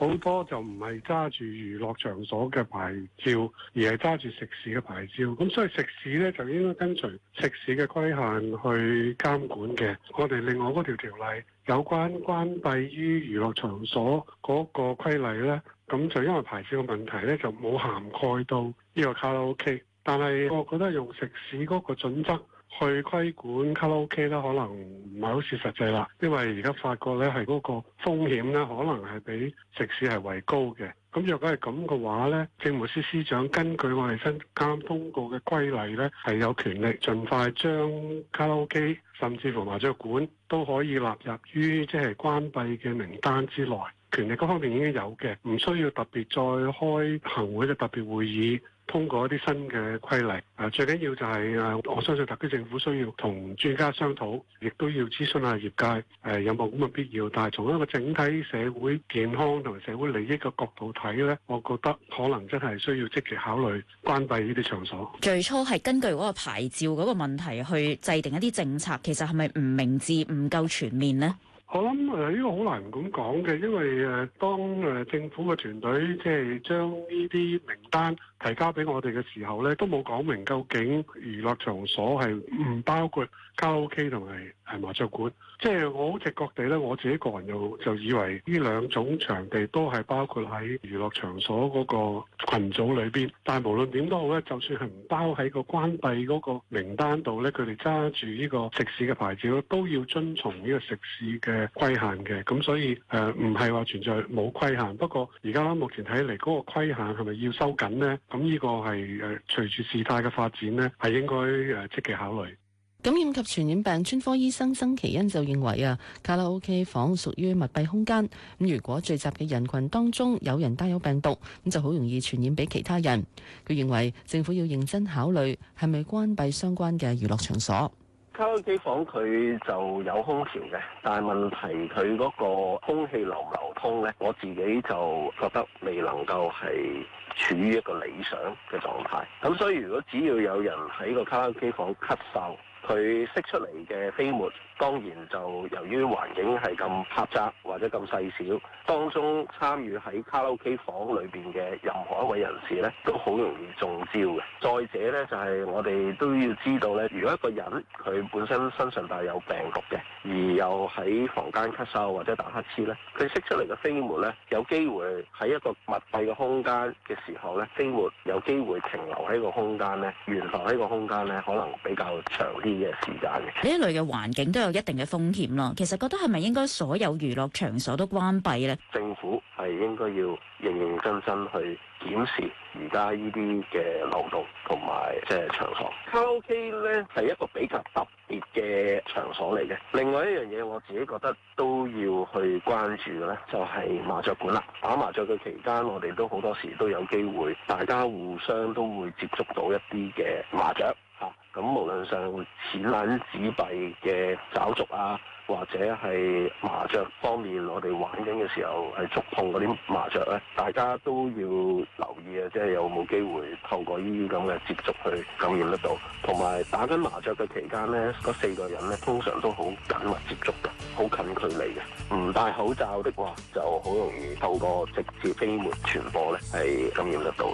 好多就唔係揸住娛樂場所嘅牌照，而係揸住食肆嘅牌照。咁所以食肆呢，就應該跟隨食肆嘅規限去監管嘅。我哋另外嗰條條例有關關閉於娛樂場所嗰個規例呢，咁就因為牌照嘅問題呢，就冇涵蓋到呢個卡拉 OK。但係，我覺得用食肆嗰個準則去規管卡拉 OK 咧，可能唔係好切實際啦。因為而家發覺呢係嗰個風險咧，可能係比食肆係為高嘅。咁若果係咁嘅話呢，政務司司長根據我哋新監通告嘅規例呢，係有權力盡快將卡拉 OK 甚至乎麻雀館都可以納入於即係關閉嘅名單之內。權力嗰方面已經有嘅，唔需要特別再開行會嘅特別會議通過一啲新嘅規例。啊，最緊要就係誒，我相信特區政府需要同專家商討，亦都要諮詢下業界、啊、有冇咁嘅必要。但係從一個整體社會健康同埋社會利益嘅角度睇咧，我覺得可能真係需要積極考慮關閉呢啲場所。最初係根據嗰個牌照嗰個問題去制定一啲政策，其實係咪唔明智、唔夠全面呢？我諗呢、呃這個好難咁講嘅，因為誒、呃、當、呃、政府嘅團隊即係將呢啲名單提交俾我哋嘅時候咧，都冇講明究竟娛樂場所係唔包括卡拉 OK 同埋係麻雀館。即係我好直覺地咧，我自己個人又就以為呢兩種場地都係包括喺娛樂場所嗰個群組裏邊。但係無論點都好咧，就算係唔包喺個關閉嗰個名單度咧，佢哋揸住呢個食肆嘅牌照咧，都要遵從呢個食肆嘅。規限嘅，咁所以誒唔係話存在冇規限，不過而家目前睇嚟嗰個規限係咪要收緊呢？咁呢個係誒隨住事態嘅發展呢，係應該誒積極考慮。感染及傳染病專科醫生曾祈殷就認為啊，卡拉 OK 房屬於密閉空間，咁如果聚集嘅人群當中有人帶有病毒，咁就好容易傳染俾其他人。佢認為政府要認真考慮係咪關閉相關嘅娛樂場所。卡拉 OK 房佢就有空調嘅，但係問題佢嗰個空氣流唔流通呢，我自己就覺得未能夠係處於一個理想嘅狀態。咁所以如果只要有人喺個卡拉 OK 房咳嗽，佢釋出嚟嘅飛沫，當然就由於環境係咁狹窄或者咁細小，當中參與喺卡拉 OK 房裏邊嘅任何一位人士呢，都好容易中招嘅。再者呢，就係我哋都要知道呢，如果一個人佢本身身上帶有病毒嘅，而又喺房間咳嗽或者打乞嗤呢，佢釋出嚟嘅飛沫呢，有機會喺一個密閉嘅空間嘅時候呢，飛沫有機會停留喺個空間呢，懸浮喺個空間呢，可能比較長啲嘅時間呢，一類嘅環境都有一定嘅風險咯。其實覺得係咪應該所有娛樂場所都關閉呢？政府係應該要認認真真去檢視而家呢啲嘅漏洞同埋即係場所。卡拉 OK 呢係一個比較特別嘅場所嚟嘅。另外一樣嘢我自己覺得都要去關注嘅呢，就係麻雀館啦。打麻雀嘅期間，我哋都好多時都有機會，大家互相都會接觸到一啲嘅麻雀咁無論上紙冷紙幣嘅找續啊，或者係麻雀方面，我哋玩緊嘅時候係觸碰嗰啲麻雀咧，大家都要留意啊！即係有冇機會透過呢啲咁嘅接觸去感染得到。同埋打緊麻雀嘅期間咧，嗰四個人咧通常都好緊密接觸嘅，好近距離嘅，唔戴口罩的話就好容易透過直接飛沫傳播咧，係感染得到。